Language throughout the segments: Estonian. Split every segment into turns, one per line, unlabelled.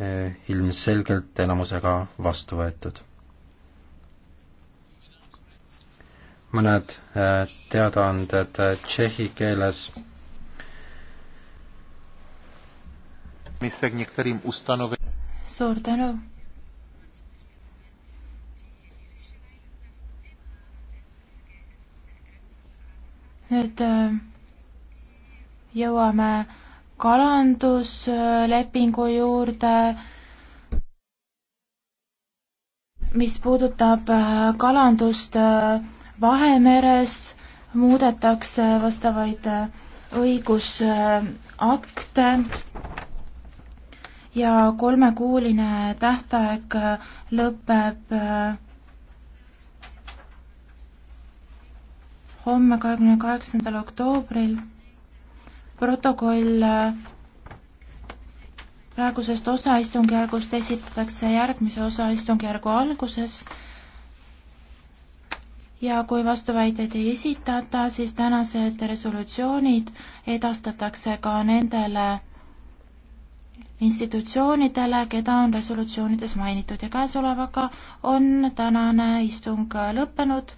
Eh, ilmselgelt enamusega vastu võetud. mõned eh, teadaanded eh, tšehhi keeles.
suur tänu nüüd
jõuame kalanduslepingu juurde, mis puudutab äh, kalandust äh, Vahemeres, muudetakse vastavaid äh, õigusakte ja kolmekuuline tähtaeg lõpeb homme, kahekümne kaheksandal oktoobril protokoll äh, praegusest osaistungjärgust esitatakse järgmise osaistungjärgu alguses ja kui vastuväiteid ei esitata, siis tänased resolutsioonid edastatakse ka nendele institutsioonidele, keda on resolutsioonides mainitud ja käesolevaga on tänane istung lõppenud.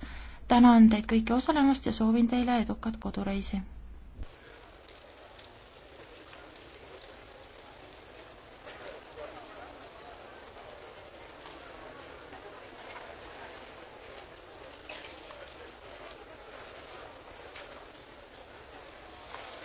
tänan teid kõiki osalemast ja soovin teile edukat kodureisi!